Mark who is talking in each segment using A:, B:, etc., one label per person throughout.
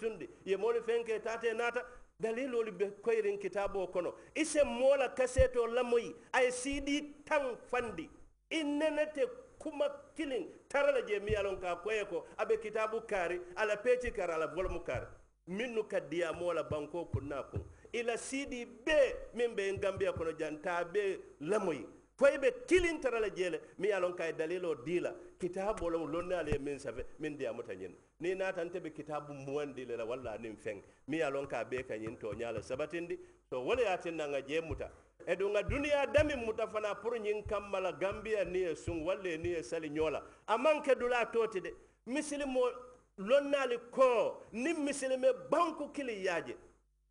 A: sundi ye moolu fenke taate naata dalilolu be koyrin kitabo kono ise moola kaseto lamoyi aye siidi tan fandi i te kuma kilin tara la je mi ye lon ka koye ko abe kitaabu kaari ala peeci kaari ala volomu kaari minnu ka diya moola banko kunna kun ila siidi bee min be gambiya kono janta be lamoyi fo i be kilin tara la jele mi ye lon ka ye dalilo dii la kitabu lo ulonne ale min safe min diya muta nyen ni na tan tebe kitabu muwandi lela walla nin feng mi ya lon ka be ka to nyala sabatindi to wala ya tinna nga je muta e do nga duniya dami muta fana pour nyin kamala gambia ni sun walle ni sali nyola amanke dula toti de misilimo lonnali ko ni misilime banku kili yaje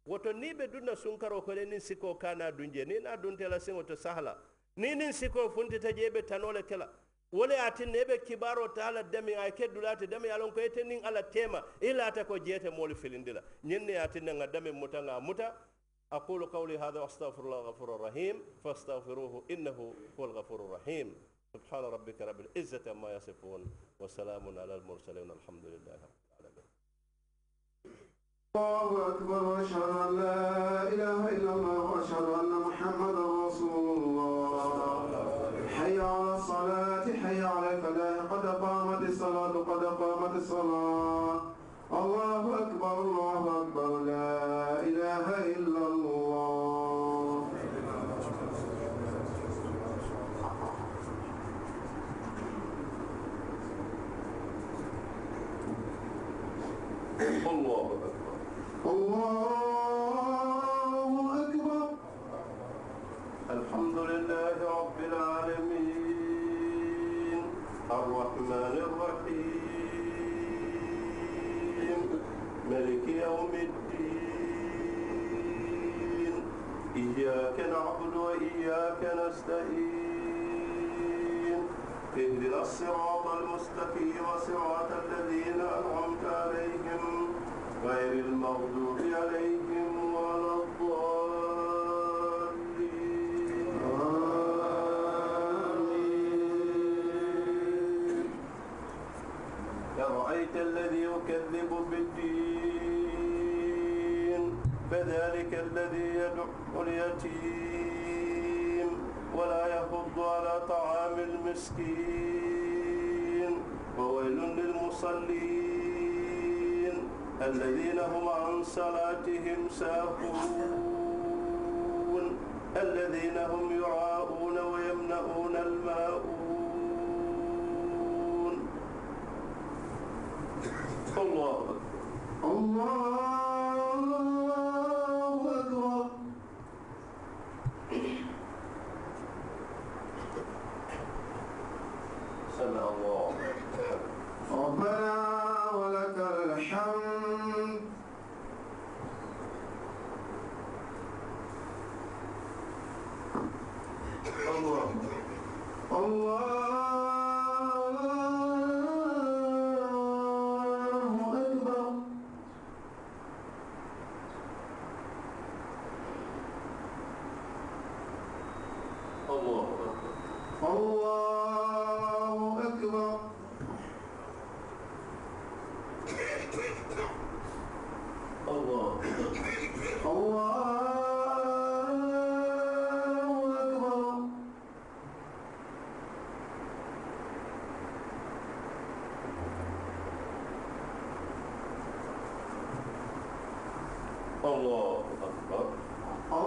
A: woto ni be dunna karo ko nin siko kana dunje ni na duntela singo to sahla ni nin siko funtita jebe tanole kela wole ate nebe kibaro taala demi ay keddulate demi alon ko ete nin ala tema ila ta ko jete moolu filindila nyenne ate nanga demi muta nga muta اقول قولي هذا واستغفر الله الغفور الرحيم فاستغفروه انه هو الغفور الرحيم سبحان ربك رب العزه عما يصفون وسلام على المرسلين الحمد لله رب العالمين
B: الله اكبر واشهد ان لا اله الا الله
C: الله أكبر الله أكبر
B: الحمد لله رب العالمين الرحمن الرحيم ملك يوم الدين إياك نعبد وإياك نستهين اهدنا الصراط المستقيم غير المغضوب عليهم ولا الضالين أرأيت الذي يكذب بالدين فذلك الذي يدعو اليتيم ولا يحض على طعام المسكين وويل للمصلين الذين هم عن صلاتهم ساهون الذين هم يراءون ويمنعون الماءون الله
C: الله أكبر سمع الله ربنا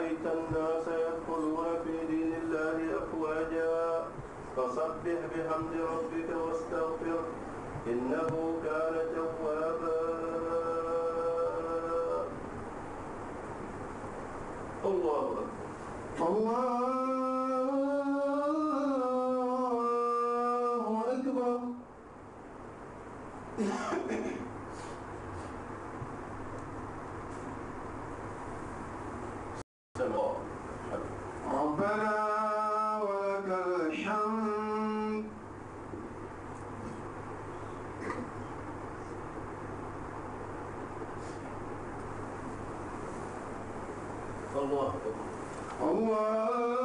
B: رأيت الناس يدخلون في دين الله أفواجا فسبح بحمد ربك واستغفر إنه كان توابا الله أكبر
C: الله
B: الله أكبر
C: الله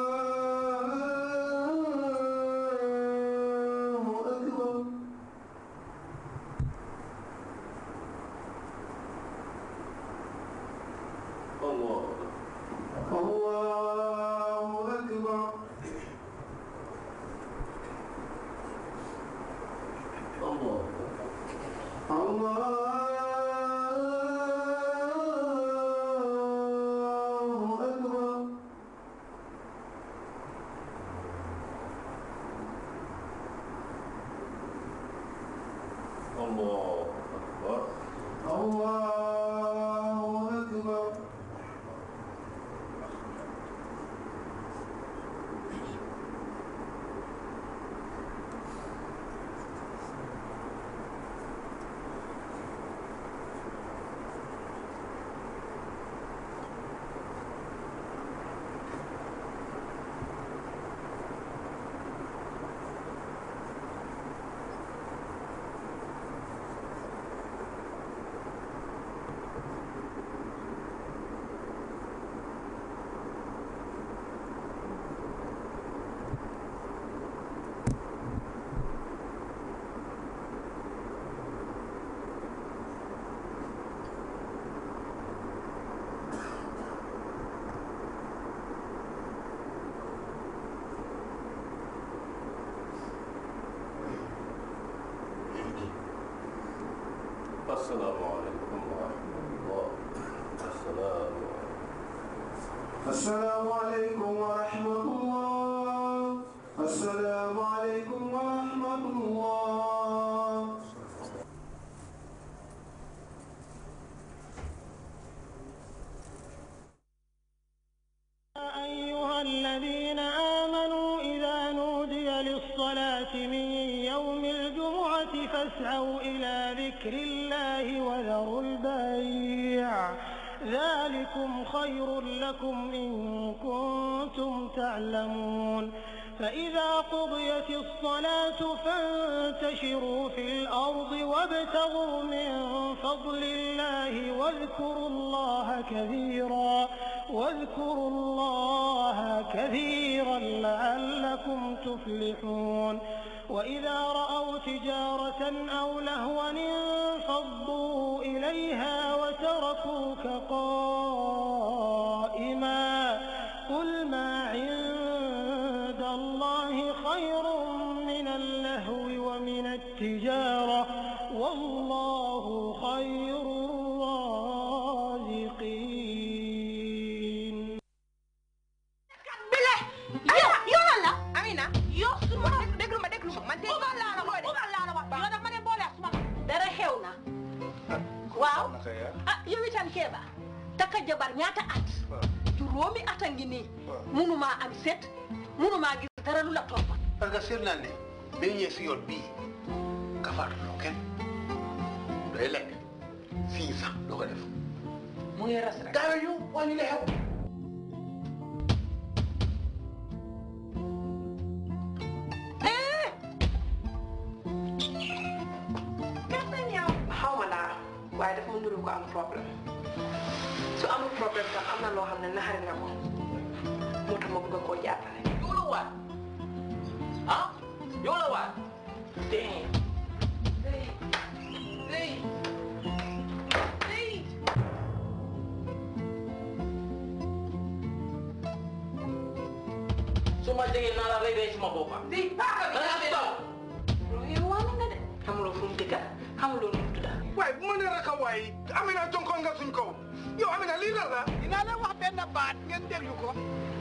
B: السلام عليكم ورحمة الله السلام
C: السلام عليكم ورحمة الله السلام عليكم ورحمة الله أيها الذين آمنوا إذا نودي للصلاة من يوم الجمعة فاسعوا إلى ذكر الله لكم خير لكم إن كنتم تعلمون فإذا قضيت الصلاة فانتشروا في الأرض وابتغوا من فضل الله واذكروا الله كثيرا واذكروا الله كثيرا لعلكم تفلحون وإذا رأوا تجارة أو لهوا انفضوا إليها وتركوك قائما
A: ñaata at juróomi at a ngi nii munumaa am set munumaa gis dara lu la toppa parce que seet naa ne bi ñu ñëw si yoon bii kafaar lu kenn day lekk fii sax doo ko def mu ngi ras rek gaawe ñu waa ñu lay xew eh! waaye dafa ma nuru ko am problème problème a x am na l o xam ne naxari na ko m o tax ma bëgg k o jàppale. yow la waat a yow la waat d e su ma d é g g n a la rey r suma b o p a m l i p a k a bi yaa n g d a l yow w a nga de. x a m l o fu mu dëkka x a m l o nu tudda. w a y bu ma n e rek a w a y Amina j o n k o n nga suñ k a yow Amina la dinaa leen wax benn baat ngeen déglu ko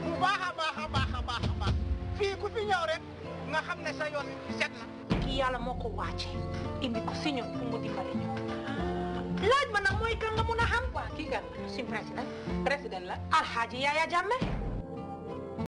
A: bu baax a
C: baax fii ku fi ñëw rek nga xam ne sa set na. kii yàlla moo ko indi ko si ñun pour mu dimbale ñu. laaj ma nag mooy kan nga mun a
A: xam. waa kii kan suñu président président la. Alhaji Yaya